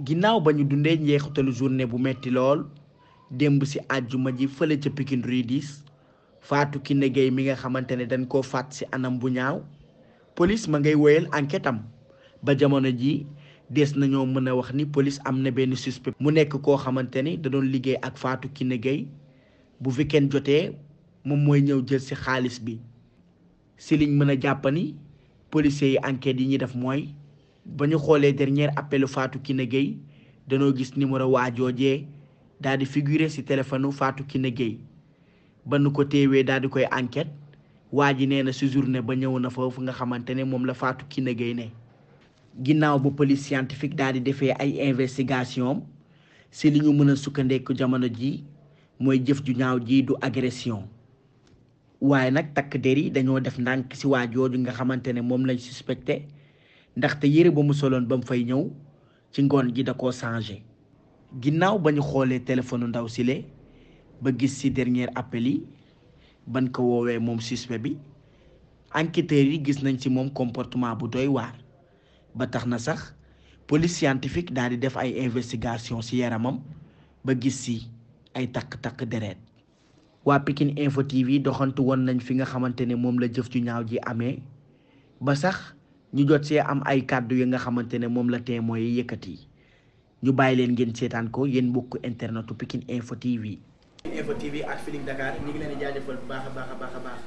ginnaaw ba ñu dundee njeexitalu journée bu metti lool démb si àjjuma ji fële ca Pikine Rue 10 Fatou Kiné mi nga xamante ne dañ koo faat si anam bu ñaaw police ma ngay woyal enquête am ba jamono ji des nañoo mën a wax ni police am na benn suspect mu nekk koo xamante ni da doon liggéey ak Fatou Kiné Gaye bu weekend jotee moom mooy ñëw jël si xaalis bi si liñ mën a jàpp ni policiers yi enquête yi ñuy def mooy ba ñu xoolee dernier appelu faatu Fatou na Gueye danoo gis numéro waajoojee daal di figurer ci téléphone Fatou Kiné Gueye ba nu ko téewee daal di koy enquete waa ji nee na ci journée ba ñëw na foofu nga xamante ne moom la Fatou Kiné Gueye ne ginnaaw ba police scientifique daal di defee ay investigation ci li mën a sukkandeku jamono ji mooy jëf ju ñaaw ji du agression waaye nag takk der yi dañoo def ndànk ci jooju nga xamante ne moom lañ suspecté ndaxte yére ba mu soloon ba mu fay ñëw ci ngoon gi da ko changé ginnaaw ba ñu xoolee téléphone ndaw sile ba gis ci dernier appel yi ban ko woowee moom suspect bi enquêteurs yi gis nañ ci moom comportement bu doy waar ba tax na sax police scientifique daal di def ay investigation ci yaramam ba gis ci ay takk-takk deret waa Pikine Info TV doxantu woon nañ fi nga xamante ne moom la jëf ju ñaaw ji amee ba sax ñu jot see am ay kàddu yi nga xamante ne moom la témoin yi yëkkati ñu bàyyi leen ngeen seetaan ko yéen mbokk internetu Pikine Info TV. Info TV ak Dakar ñu ngi leen di jaajëfal baax a baax a baax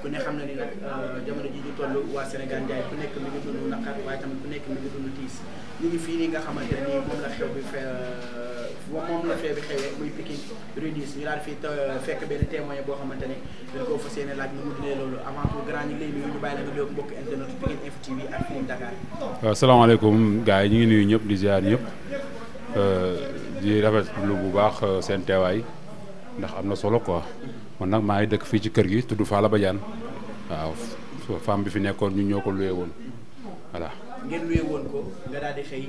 ku ne xam na ni nag euh, jamono ji ñu toll waa Sénégal njaay ku nekk mi ngi dund naqar waaye tamit ku nekk mi ngi dund tiis ñu ngi fii nii nga xamante nii moom la xew bi fee. Euh, moom la fee euh, bi boo xamante ne nga yi ñu ngi nuyu ñépp di ziar ñëpp euh, di rafetlu bu baax euh, seen teewaay ndax am na solo ko man nag maa ngi dëkk fii ci kër gi tudd Fala Badiane waaw femme bi fi nekkoon ñu ñoo ko luye woon voilà. ngeen luye woon ko nga daal xëy.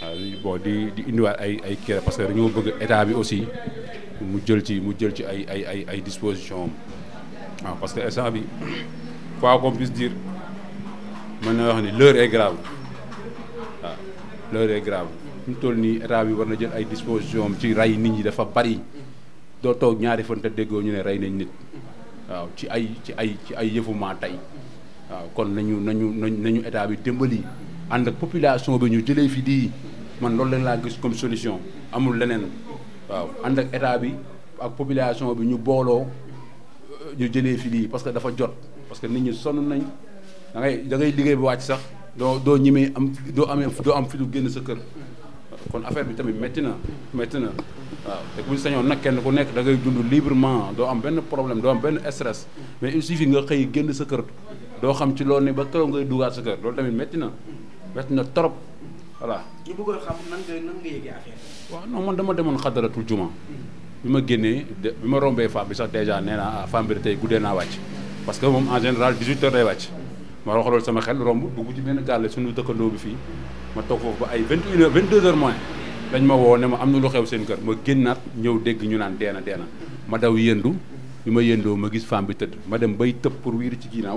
waaw ah, di indiwaat ay ay kii parce que dañoo bëgg état bi aussi mu jël ci mu jël ci ay ay ay ay dispositions waaw ah, parce que instant bi quoi qu'on puisse dire mën na wax ni l'heure est grave waaw ah, l'heure est grave fi toll nii état bi war na jël ay dispositions ci rey nit ñi dafa bari doo toog ñaari fan te déggoo ñu ne rey nañ nit waaw ci ay ci ay ci ay yëfumaa tey waaw kon nañu nañu nañu état bi dimbali ànd ak population bi ñu jëlee fi di. man loolu lañ laa gis comme solution amul leneen waaw ànd ak état bi ak population bi ñu booloo euh, ñu jëlee fi lii parce que dafa jot parce que nit ñi sonn nañ da ngay da ngay liggéey bi wàcc sax doo doo ñemee am doo amee doo am fi du génn sa kër kon affaire bi tamit métti na métti na waaw te bu ñu sañoon nag kenn ku nekk da ngay dund librement doo am benn problème doo am benn stress mais il suffit nga xëy génn sa kër doo xam ci loolu ne ba kaw ngay dugaat sa kër loolu tamit métti na métti na trop. voilà. ñu bëggoon man dama demoon xadaratul juma. Hmm. bi ma génnee de bi ma rombee ah, femme bi sax dèjà nee naa femme bi tey guddee naa wàcc. parce que moom en général 18 heures wàcc. ma wax loolu sama xel romb dugg ci benn gàlle suñu dëkkandoo bi fii ma toog foofu ba ay 21 heures 22 heures moins dañ ma woo ne ma am na lu xew seen kër ma génnaat ñëw dégg ñu naan deena deena ma daw yëndu. bi ma yëndoo ma gis femme bi tëdd ma dem bay tëb pour wiiru ci ginnaaw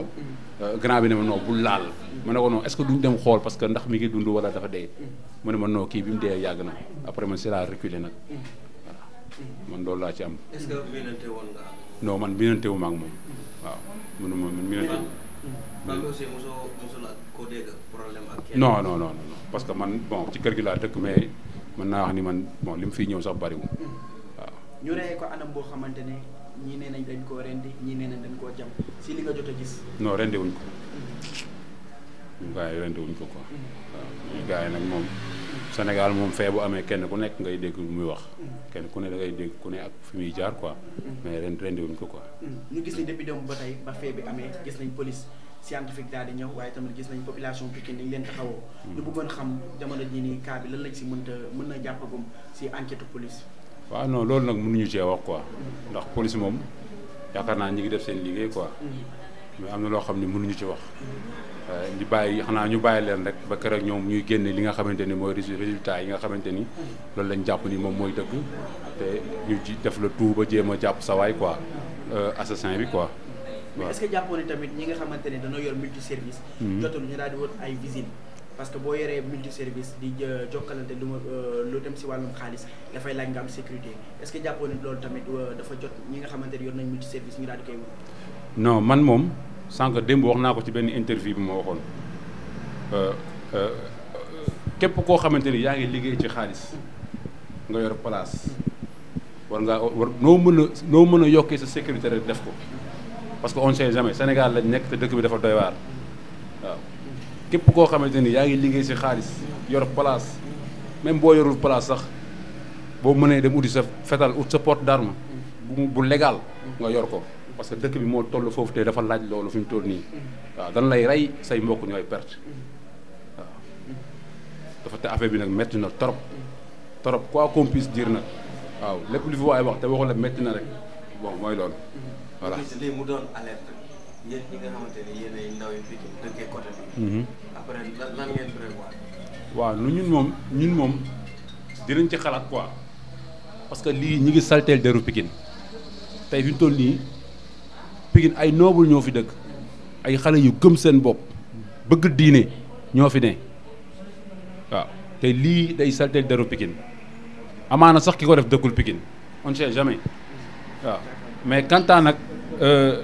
euh, grand bi ne ma non bul laal ma ne ko non est-ce bi mu dee yàgg na après man si laa reculé nag man loolu laa ci am. est-ce que miinante woon nga am. non man miinante wu ma ak moom waaw mënu ma man miinante wu. aussi mosoo mosul problème ak. non non que man bon ci kër gi laa dëkk mais mën naa wax ni man bon li mu fiy ñëw sax bariwul mm. waaw. ñu rey ko anam boo xamante ne. ñii nee nañ dañ koo rendi ñii nee nañ dañ koo jam si li nga jot a gis. noo rendi wuñ ko. ñun mm-hmm. gars yi rendi wuñ ko ko mm-hmm. waaw ñun gars yi nag moom. Mm-hmm. Sénégal moom fee bu amee kenn ku nekk ngay dégg muy wax. kenn ku ne dangay dégg ku ne ak fi muy jaar quoi. mais ren rendi wuñ ko quoi. ñu gis ni depuis démb ba tey ba fee bi amee gis nañ police scientifique daal di ñëw waaye tamit gis nañ population Pikine ni leen taxawoo. ñu bëggoon xam jamono jii nii cas bi lan lañ si mënta mën na jàppagum si enquête police. waaw non loolu nag mënuñu cee wax quoi ndax police moom yaakaar naa ñi ngi def seen liggéey quoi mais am na loo xam ne mënuñu ci wax ñu euh, bàyyi xanaa ñu bàyyi leen rek ba keroog ñoom ñuy génne li nga xamante ni mooy résultat yi nga xamante ni loolu lañ jàpp ni moom mooy dëgg te ñu ci def la tout ba jéem a jàpp sa waay quoi euh, assassin bi quoi mais est-ce que ni tamit ñi nga xamante ne yor multi service hmm. jotul ñu daal ay visite parce que boo yoree multi service di jokkalante lu ma euh, lu dem si wàllum xaalis dafay laaj nga am sécurité est-ce que jàppoo ne loolu tamit euh, dafa jot ñi nga xamante ne yor nañ multi service ñu daal di koy wut. man moom sànq démb wax naa ko ci benn interview bi ma waxoon euh, koo xamante ni yaa ngi liggéey ci xaalis nga yor place war ngaa war noo mën a noo mën a yokkee sa sécurité rek def ko parce que on sait jamais Sénégal lañ nekk te dëkk bi dafa doy waaw. képp koo xamante ni yaa ngi liggéey si xaalis yor place même boo yorul place sax boo mënee dem uti sa fetal ut sa porte d'arme bu bu légal nga yor ko parce que dëkk bi moo toll foofu te dafa laaj loolu fi mu toll nii waaw dan lay rey say mbokk ñooy perte waaw dafa te affaire bi nag métti na trop trop quoi qu'on puisse nag waaw lépp lu fi waaye wax te waxu la na rek bon mooy loolu voilà. Mhm. waaw lu ñun moom ñun moom dinañ ci xalaat quoi parce que lii ñi ngi salteel deru Pikine tey fi ñu toll nii pikin ay noble ñoo fi dëkk ay xale yu gëm seen bopp bëgg diine ñoo fi ne waaw te lii day salteel deru Pikine amaana sax ki ko def dëkkul Pikine on sait jamais waaw mais quant à euh,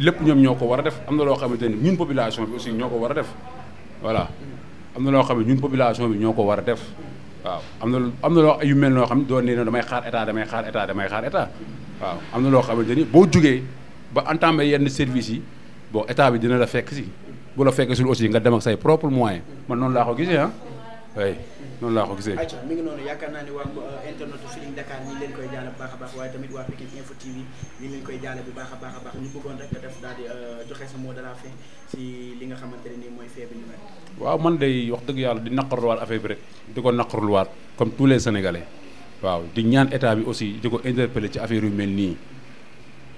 lepp ñoom ñoo ko war a def am na loo xamante ni ñun population bi aussi ñoo ko war a def voilà am na loo xam ne ñun population bi ñoo ko war a def waaw am na am na loo yu mel noo xam ne doon ne damay xaar état damay xaar état damay xaar état waaw am na loo xamante ni boo jugee ba entamé yenn service yi bon état bi dina la fekk si bu la fekk sul aussi nga dem ak say propre moyen man noonu laa ko gisee ah oui non, euh, euh, la ko affaire comme tous les sénégalais di ñaan état aussi interpeller ci affaire yu mel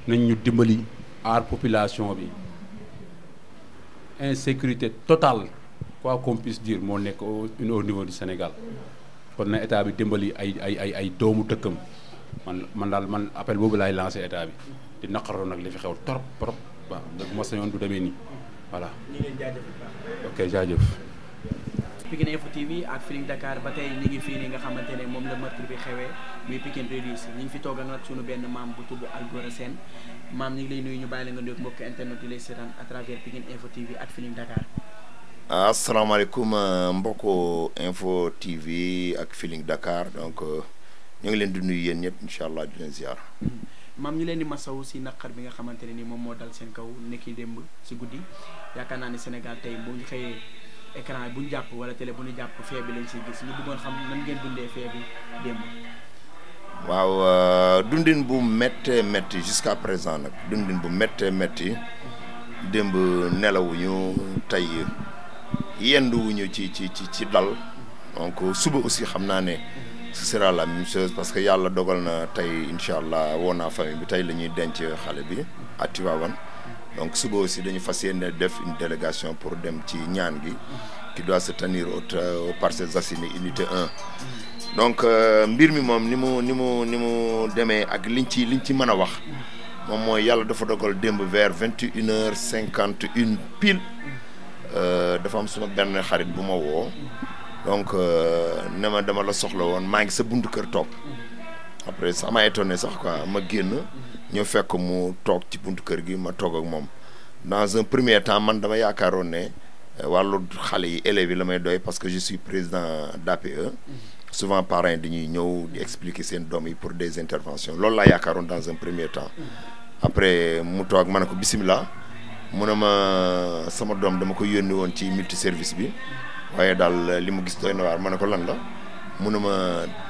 nañ population insécurité totale. quoi qu'on puisse dire moo nekk au niveau di Sénégal kon na état bi dimbali ay ay ay ay doomu dëkkam man man daal man appel boobu laay lancé état bi di naqaroo nag li fi xew trop trop waaw bu ma sañoon du demee nii voilà. ñu ngi leen jaajëf ok jaajëf. Pikine Info TV ak Feeling Dakar ba tey ñu ngi fii nii nga xamante ne moom la meurtre bi xewee muy Pikine Réduce ñu fi toogal nag sunu benn maam bu tudd Algora Sène maam ñu ngi lay nuyu ñu bàyyi la nga nuyoog mbokk internet di lay seetaan asalaamaaleykum euh, mbokku info TV ak Feeling Dakar donc euh, ñoo ngi leen di nuyu yéen ñëpp incha allah di leen ziar. maam ñu leen di masawu si naqar bi nga xamante ne ni moom moo dal seen kaw nekki démb si guddi yaakaar naa ne Sénégal tey bu ñu xëyee écran bu ñu jàpp wala télé bu ñu jàpp fee bi lañ siy gis ñu bëggoon xam nan ngeen dundee fee bi démb. waaw euh, dundin bu méttee métti jusqu'à présent nag dundin bu méttee métti mhm. démb nelawuñu tey. yenduwuñu ci ci ci ci dal donc suba aussi xamna né ce sera la même chose parce que yalla dogal na tay inshallah wona woo famille bi tay lañuy denc xalé bi à Tivaouane donc suba aussi dañu fassiyene def une délégation pour dem ci ñaan gi qui doit se tenir au des euh, Assainies unité 1 donc euh, mbir mi moom ni mu ni mu ni mu demee ak liñ ci liñ ci mëna a wax mom moy yalla dafa dogal démb vers 21h51 pile euh, dafa am suma benn xarit bu ma woo donc euh, ne ma dama la soxla woon maa ngi sa buntu kër toog après sama étonné sax quoi ma génn ñu fekk mu toog ci buntu kër gi ma toog ak moom dans un premier temps man dama yaakaaroon ne euh, wàllu xale yi élèves yi la may doy parce que je suis président d'APE souvent parents yi dañuy ñëw di expliquer seen doom yi pour des interventions loolu laa yaakaaroon dans un premier temps après mu toog ma ne ko bisimilah. mu ne ma sama doom dama ko yónni woon ci multi service bi waaye daal li mu gis doy na waar ma ne ko lan la mu ne ma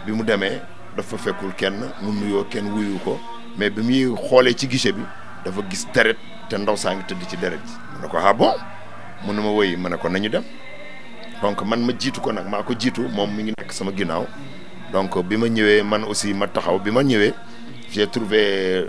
bi mu demee daf fa fekkul kenn mu nuyoo kenn wuyu ko mais bi muy xoolee ci gise bi dafa gis deret te ndaw saa ngi tëdd ci deret ji. ma ne ko ah bon mu ne ma woy ma ne ko nañu dem donc man ma jiitu ko nag maa ko jiitu moom mi ngi nekk sama ginnaaw donc bi ma ñëwee man aussi ma taxaw bi ma ñëwee j'ai trouvé.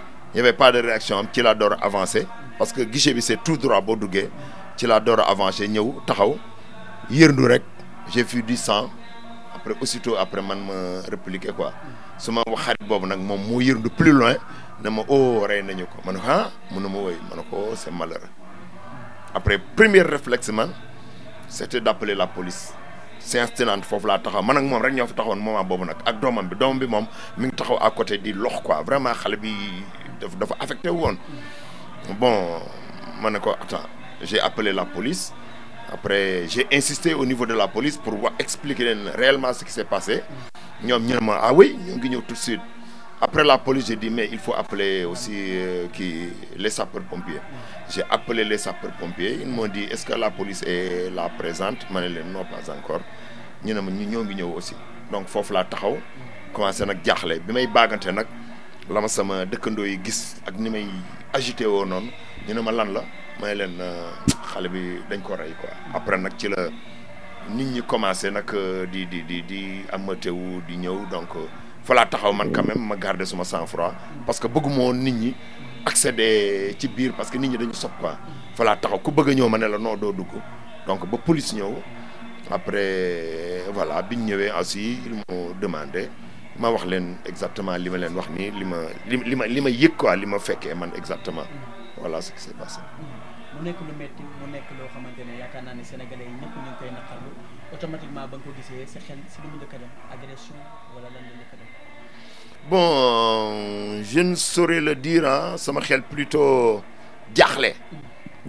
il n'y avait pas de réaction am ci laa avancé parce que guichet bi c'est tout droit boo duggee ci laa door a avancé ñëw taxaw yërndu rek j'ai vu du sang après aussitôt après man me répliquer quoi su ma wax xarit boobu de plus loin ne oh rey nañu ko ma mon ko ah mun na woy ko oh, c'est malheureux après premier réflexe man c'était d'appeler la police c'est tenante foofu laa taxaw man ak moom rek ñoo fa taxawoon moment boobu nag ak doomam bi doomam bi moom mi taxaw à côté di lox quoi vraiment xale dafa affecté won bon attends j'ai appelé la police après j'ai insisté au niveau de la police pour expliquer réellement ce qui s'est passé ñom ah oui ils ñëw tout de suite après la police j'ai dit mais il faut appeler aussi euh, qui les sapeurs pompiers j'ai appelé les sapeurs pompiers ils m'ont dit est-ce que la police est là présente mané non pas encore ñëna ma ñu aussi donc fofu la taxaw commencé à jaxlé bi may baganté la ma sama dëkkandoo yi gis ak ni may agité woo noonu ñu ne ma lan la may leen euh, xale bi dañ ko rey ko après nag ci la nit ñi commencé nag euh, di di di di amatewu di ñëw donc euh, falaa taxaw man quand même ma garder suma sang-froid parce que bëgguma woon nit ñi accéder ci biir parce que nit ñi dañu sob quoi falaa taxaw ku bëgg ñëw ma ne la non doo dugg donc ba police ñëw après voilà biñ ñëwee aussi mu m'ont ma wax leen exactement lima ma wax ni lima lima lima li ma li ma quoi li ma man exactement voilà ce qui s'est passé. mu nekk lu metti mu nekk lo xamante ne yaakaar naa sénégalais yi ñu ngi koy naqarlu automatiquement ba nga ko gisee sa xel ci li mu njëkk a dem agression wala lan la njëkk a dem. bon je ne saurais le dire hein sama xel plutôt jaaxle.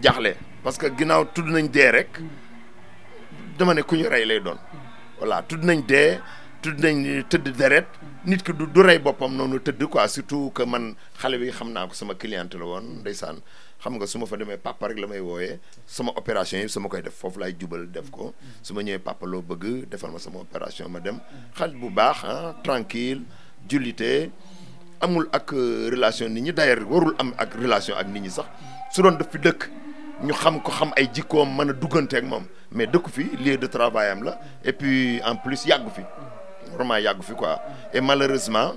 jaaxle parce que ginaaw tud nañ dé rek. Mm. dama né ku ñu rey lay doon. Mm. voilà tud nañ dé tudd nañ tëdd deret nit ki du du rey boppam noonu tëdd quoi surtout que man xale bi xam naa ko sama cliente la woon ndeysaan xam nga su ma fa demee papa rek la may wooyee sama opération yi sama koy def foofu laay jubal def ko su ma ñëwee papa loo bëgg defal ma sama opération ma dem xale bu baax ah tranquille jullite amul ak euh, relation nit ñi d'ailleurs warul am ak relation ak nit ñi sax su doon def fi dëkk ñu xam ko xam ay jikkoom mën a ak moom mais dëkku fi lieu de travail am la et puis en plus yàggu fi vraiment yàggu fi quoi et malheureusement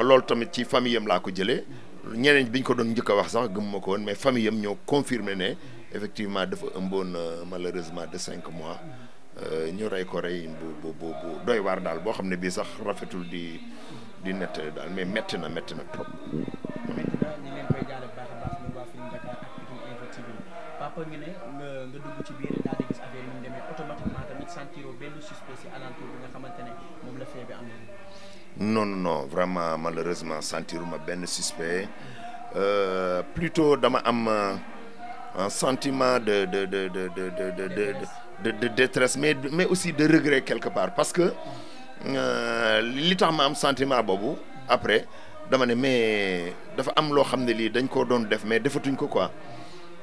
lol tamit ci famille yam la ko jëlee ñeneen biñ ko doon njëkk wax sax gëm mako won mais famille yam ñoo confirmer né effectivement dafa ëmboon euh, malheureusement de 5 mois euh, ñu ray ko ray bu bu bu doy war dal bo xamné bi sax rafetul di di net dal mais metti na metti na trop. papa ngi ne nga dugg ci biir daal di gis affaire yi ñu demee automatiquement tamit sentiroo benn suspect si alentour non non non, vraiment malheureusement ma ben suspect euh, plutôt dama am un sentiment de de de de de de de de, de détresse mais mais aussi de regret quelque part parce que littéralement, j'ai ma am sentiment boobu après dama ne mais dafa am loo je ne pas, dañ koo doon def mais defatuñ ko quoi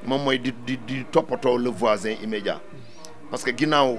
Je me di di di le voisin immédiat parce que ginnaaw.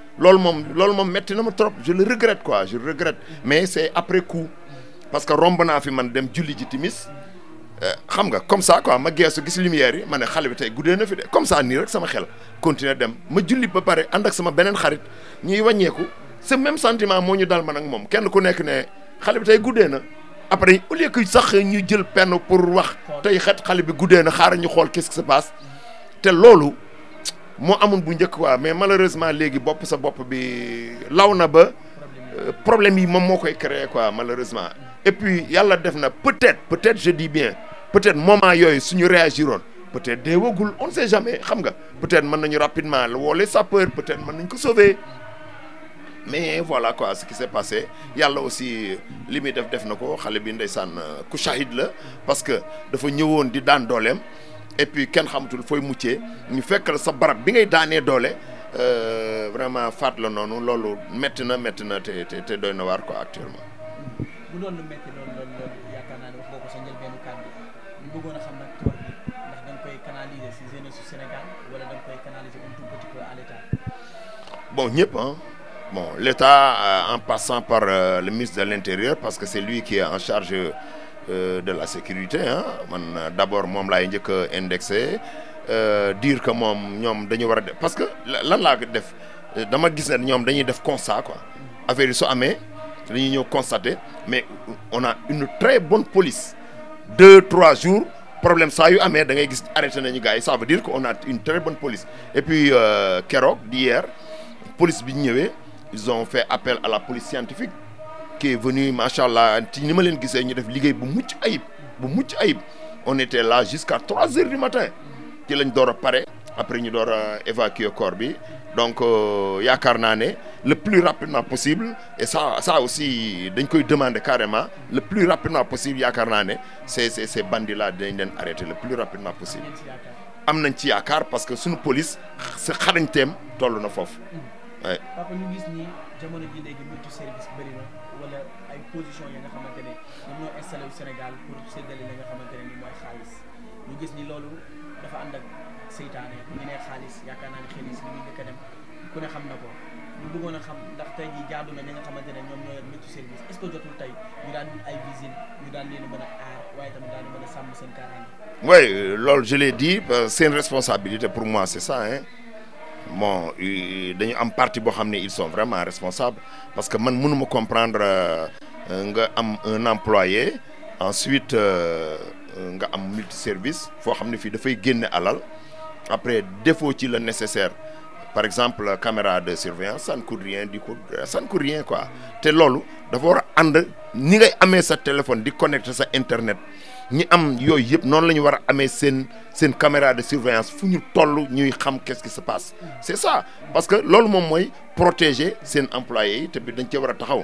lol mom loolu moom metti na ma trop je le regrette quoi je regrette mais c'est après coup parce que romb n'a fi man dem julli ji timis euh, xam nga comme ça quoi ma geesu gis lumière yi ma ne xale bi na fi dé comme ça nii rek sama xel continuer dem ma julli ba paré ànd ak sama benen xarit ñuy wàññeeku ce même sentiment mo ñu dal man ak mom kenn ku nekk ne xale bi tey na après au lieu que sax ñu jël penn pour wax tay xet xale bi guddee na xaar ñu xol qu'est-ce qui se passe té lolou moo amoon bu quoi mais malheureusement légui bop sa bop bi lawna ba euh, problème yi mom moo koy créer quoi malheureusement et puis yalla def na peut-être peut-être je dis bien peut-être moment yoy suñu réagiroon peut-être deewagul on ne sait jamais xam nga peut-être mën nañu rapidement woo sa peur peut-être mën nañ ko sauver mais voilà quoi ce qui s'est passé yalla aussi limite def def na ko xale bi ndeysaan euh, ku shahid la parce que dafa ñëwoon di daan dolem et puis ken xamatul foy muccee ñu fekkal sa barab bi ngay daanee euh vraiment fat la noonu lolu metti na metti na té té te doy na quoi actuellement. bu doon lu metti loolu loolu loolu yaakaar naa ne wax nga ko sa njëlbeenu kàddu ñu bëggoon a xam nag tool bi ndax da nga koy canaliser si jeunesse su Sénégal wala da nga koy canaliser un tout petit peu à l' état. bon ñëpp hein bon l' état euh, en passant par euh, le ministre de l' intérieur parce que c'est lui qui est en charge. Euh, de la sécurité Hein. d'abord je laay njëkk a indexé euh, dire que mom, ñom, dañu parce que lan la def euh, dama gis ne ñom dañuy def constat quoi affaire su dañuy ñeu constater mais on a une très bonne police deux trois jours problème ça yu amé da ngay gis arrêté nañu gars ça veut dire qu'on a une très bonne police et puis keroog d'hier police bi ils ont fait appel à la police scientifique qui est venu macha ni on était là jusqu'à 3h du matin lañ après ñu doora évacuer corps donc euh, le plus rapidement possible et ça ça aussi dañ koy demander carrément le plus rapidement possible ces ces ces là leen arrêter le plus rapidement possible am nañ ci parce que suñu police c'est xarañteem tollu na waaye. papa ñu service position ya nga xamante ne ñoom ñoo installé wu Sénégal pour séddale la nga xamante ne ni mooy xaalis ñu gis ni loolu dafa ànd ak seytaane ñu ne xaalis yaakaar naa ne xaalis li muy njëkk a dem ku ne xam na ko ñu bëggoon a xam ndax tey jii jaadu na ñi nga xamante ne ñoom ñoo yor métti service est ce que jotul tey ñu daal wut ay visite ñu daal leen mën a aar waaye tamit daan mën a sàmm seen kaaraange. oui euh, loolu je l'ai dit euh, c'est une responsabilité pour moi c'est ça hein. bon euh, dañu am parti boo xam ne ils sont vraiment responsables parce que man mënuma comprendre euh, nga am un employé ensuite euh, nga am multiservice fo xamni fi da fay génne alal après défaut ci le nécessaire par exemple caméra de surveillance ça ne coûte rien du coup ça ne coûte rien quoi té lolu da fo a ni ngay amé sa téléphone di connecter sa internet ñi am yooyu yep non la ñu war sen amee caméra de surveillance fuñu tollu ñuy xam qu'est-ce qui se passe c'est ça parce que loolu mom moy protéger sen employés té te bi dañ cee taxaw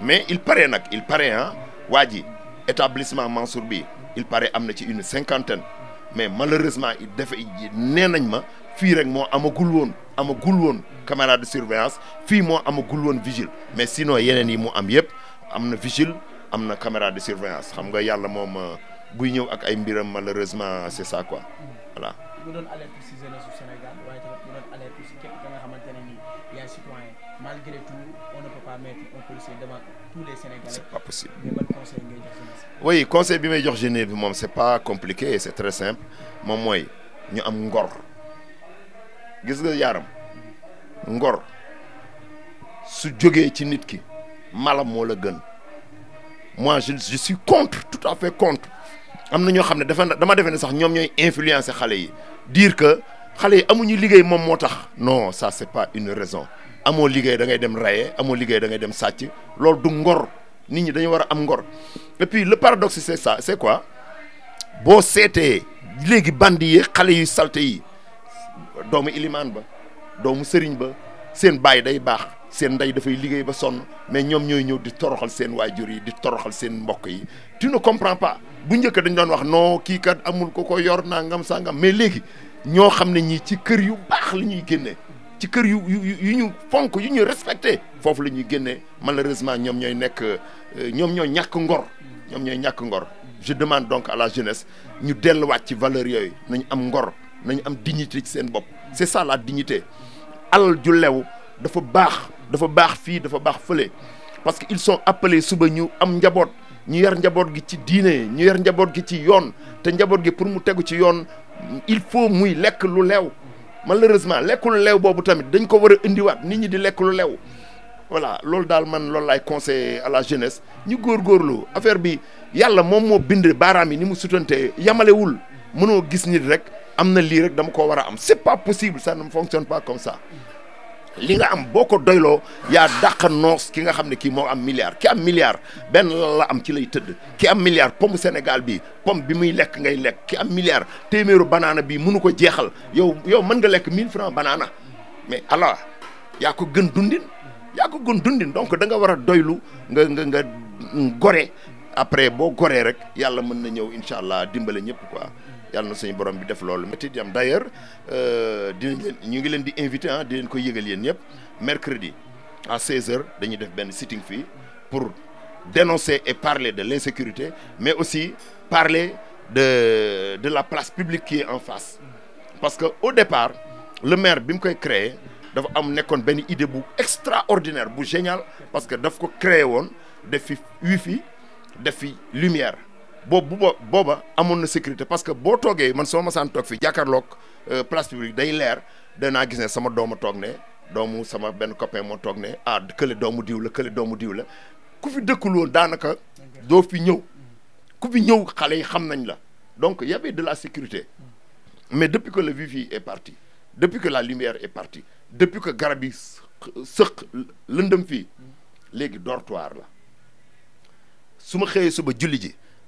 mais il paraît nak, il paraît hein, waji établissement Mansour bi il paraît amna ci une cinquantaine mais malheureusement il défé nee nañ ma fi rek mo amagul won amagul won caméra de surveillance fi mo amagul won vigile mais sinon yenen yi mo am yep amna vigile amna caméra de surveillance xam nga yàlla moom euh, buy ñëw ak ay mbiram malheureusement c'est ça quoi voilà. bu doon alerte si au Sénégal waye tamit mu doon alerte si képp ka nga xamante ne nii yaay citoyen malgré tout on ne peut pas mettre un policier devant tous les Sénégalais. c'est pas possible mais ban conseil ngay jox jeunesse. oui conseil bi may jox jeunesse bi moom c'est pas compliqué c'est très simple mom moy ñu am ngor gis nga yaram ngor su joggé ci nit ki malam mo la gën moi je je suis contre tout à fait contre amna na ñoo xam ne dafa dama defe sax ñom ñoy influencer xalé yi dire que xalé yi amuñu liggéey mom motax non ça c'est pas une raison Amo liggéey da ngay dem raye amo liggéey da ngay dem sàcc lool du ngor nit ñi dañu wara am ngor et puis le paradoxe c'est ça c'est quoi boo seetee léegi bandi yi xale yu salte yi doomu iliman ba doomu serigne ba seen baay day baax seen ndey fay liggéey ba son mais ñom ñoy ñew di toroxal sen wajuri di toroxal sen mbokk yi tu ne comprends pas bu njëkk dañ doon wax non ki kat amul ko ko yor nangam sangam mais légui ño xamne ñi ci kër yu bax li ñuy génnee ci kër yu yu ñu fonk yu ñu respecté fofu la ñuy génnee malheureusement ñom ñoy nek euh, ñom ñoy ñak ngor ñom ñoy ñak ngor je demande donc à la jeunesse ñu delluwaat ci valeur yoy nañ am ngor nañ am dignité ci sen bop c'est ça la dignité alal ju lew dafa bax dafa dafa parce qu'ils sont appelés sous nous, am njaboot ñu yar njaboot gi ci diine ñu yar njaboot gi ci yoon pour mu ci il faut muy malheureusement lu tamit dañ ko di voilà loolu daal man loolu laay à la jeunesse Nous góorgóorlu affaire bi yàlla moom moo bind baaraam yi ni mu yamalewul mënoo gis nit rek c'est pas possible ça ne fonctionne pas comme ça li nga am boo ko doyloo yaa dàqa noos ki nga xam ne kii moo am milliard ki am milliard benn la am ci lay tëdd ki am milliard pomme Sénégal bi pomme bi muy lekk ngay lekk ki am milliard téeméeru banaana bi mënu ko jeexal yow yow mën nga lekk 1000 francs banaana mais allah yaa ko gën dundin yaa ko gën dundin donc da nga war a doylu nga nga nga gore après boo goree rek yàlla mën na ñëw incha allah dimbale ñëpp quoi borom bi def d'ailleurs nous euh, leen ñu ngi leen di invité ah, mercredi à 16h sitting pour dénoncer et parler de l'insécurité mais aussi parler de de la place publique qui est en face parce que au départ le maire bi créé koy dafa am idée extraordinaire géniale parce que daf créé créer won def fi wifi def fi lumière boobu bu booba amoon na sécurité parce que boo toogee man sama masaan toog fii jàkkaarloog euh, place publique day leer danaa gis ne sama doomu toog ne doomu sama benn copain moo toog ne ah le doomu diw la kële doomu diw la ku fi dëkkul woon daanaka doo fi ñëw ku fi ñëw xale yi xam nañ la donc y avait de la sécurité mais depuis que le vivi est parti depuis que la lumière est partie depuis que garab yi sëq lëndëm fii léegi dortoir la su ma xëyee suba julli ji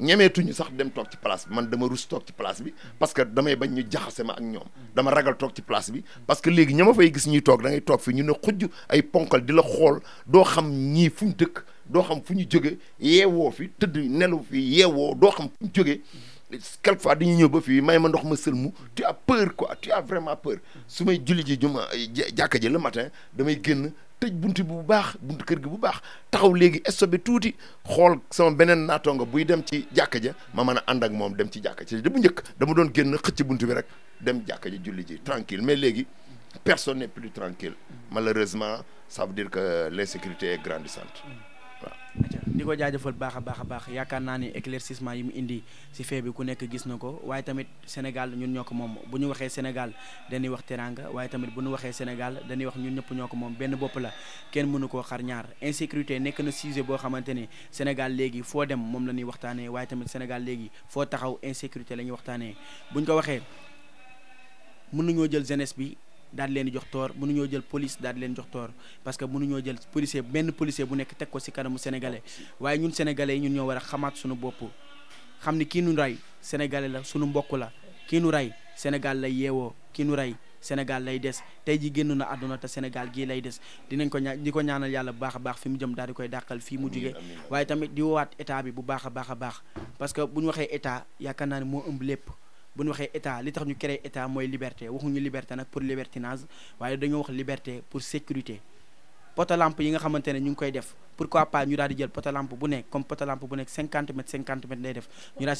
ñemeetuñu sax dem toog ci place bi man dama rus toog ci place bi parce que damay bañ ñu jaxase ma ak ñoom dama ragal toog ci place bi parce que léegi ña fay gis ñuy toog da toog fi ñu ne xujj ay ponkal di la xool doo xam ñii fu ñu dëkk doo xam fu ñu jóge yeewoo fi tëdd nelu fi yeewoo doo xam fu ñu jóge quelque fois dañuy ñëw ba fii may ma ndox ma sëlmu tu as peur quoi tu a vraiment peur su may julli ji juma jàkka ji la matin damay génn tej bunti bu baax buntu kër gi bu baax taxaw léegi stoppé tuuti xool sama beneen naatonga buy dem ci jàkka ja ma mën a ànd ak moom dem ci jàkka ci bu njëkk dama doon génn xëcc buntu bi rek dem jàkka ja julli ji tranquille mais léegi personne n'est plus tranquille malheureusement ça veut dire que l'insécurité est grandissante waaw ni ko jaajëfal baax a baax a baax yaakaar naa ne éclaircissement yi mu indi si fee bi ku nekk gis na ko waaye tamit Sénégal ñun ñoo ko moom bu ñu waxee Sénégal dañuy wax teranga waaye tamit bu ñu waxee Sénégal dañuy wax ñu ñëpp ñoo ko moom benn bopp la kenn mënu koo xar ñaar insécurité nekk na sujet boo xamante ne Sénégal léegi foo dem moom la ñuy waxtaanee waaye tamit Sénégal léegi foo taxaw insécurité la ñuy waxtaanee buñ ko waxee mënuñoo jël jeunesse bi daal di leen jox toor mënuñoo jël police daal di leen jox toor parce que mënuñoo jël policier benn policier bu nekk teg ko ci kanamu sénégalais waaye ñun sénégalais yi ñun ñoo war a xamaat suñu bopp xam ni kii nu rey sénégalais la suñu mbokk la kii nu rey sénégal lay yeewoo kii nu rey sénégal lay des tey ji génn na àdduna te sénégal gii lay des dinañ ko ña di ko ñaanal yàlla bu baax a baax fi mu jëm daal di koy dàqal fii mu jugee waaye tamit di woowaat état bi bu baax a baax a baax parce que bu ñu waxee état yaakaar naa ne moo ëmb lépp bu nu waxee état li tax ñu créer état mooy liberté waxuñu liberté nag pour libertinage waaye dañoo wax liberté pour sécurité poto lampe yi nga xamante ne ñu ngi koy def pourquoi pas ñu daal di jël poto lampe bu nekk comme poto lampe bu nekk cinquante mètres cinquante mètres lay def ñu daal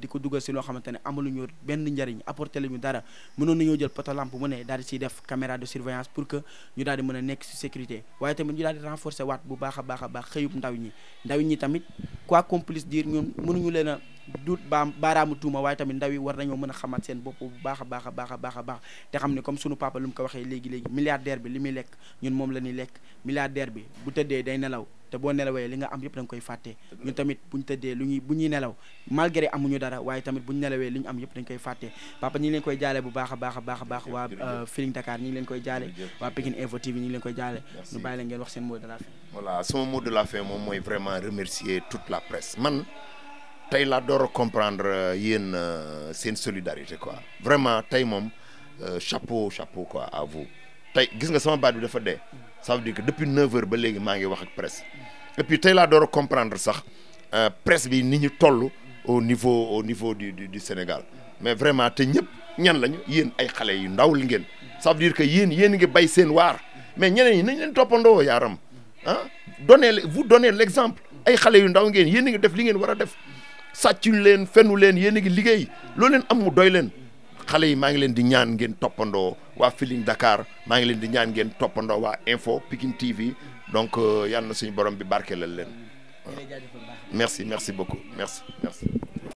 di ko dugal si loo xamante ne amaluñu benn njariñ apporté ne daal di siy def caméra de surveillance pour que ñu daal di mën a nekk sécurité waaye tamit ñu daal di renforcer waat bu baax a baax a baax xëyub ndaw ñi ndaw ñi tamit quoi qu'on puisse dire ñun leen a duut baa baaraamu tuuma waaye tamit ndaw war nañoo mën a xamaat seen bopp bu baax a baax a baax a baax te xam ne comme sunu papa lu mu ko lek ñun mom la ñuy lekk milliardaire bi bu tëddee day nelaw té bo nelawé li nga am yépp da koy faté ñun tamit buñ tëddee lu ñuy nelaw malgré amuñu dara waaye tamit buñ nelawé li am yépp dañ koy faté papa ñi ngi leen koy jalé bu baaxa baaxa baaxa baax wa euh, Feeling Dakar ñi ngi leen koy jalé wa Pikine evo TV ñi ngi leen koy jalé ñu bàyyi la ngeen wax seen mot de la fin voilà sama mot de la fin mom moy vraiment remercier toute la presse man tey laa door a comprendre euh, yéen euh, seen solidarité quoi vraiment tey moom chapeau chapeau quoi à vous tay gis nga sama baat bi dafa dee ça veut dire que depuis 9 heures ba léegi maa ngi wax ak presse et puis tey laa door a comprendre sax euh, presse bi ni ñu toll au niveau au niveau du du du Sénégal mais vraiment te ñëpp ñan lañu yéen ay xale yu ndaw li ngeen ça veut dire que yéen yéen ngi bay seen waar mais ñeneen ñi nañ leen toppandoo yaaram ah donnez vous donnez l'exemple ay xale yu ndaw ngeen yéen a ngi def li ngeen war a def sàccuñ leen fenu leen yéen a ngi liggéey loo leen am mu doy leen xale yi maa ngi leen di ñaan ngeen toppandoo waa Feeling Dakar maa ngi leen di ñaan ngeen toppandoo waa Info Pikine TV donc euh, yàlla na suñu borom bi barkeelal leen merci merci beaucoup merci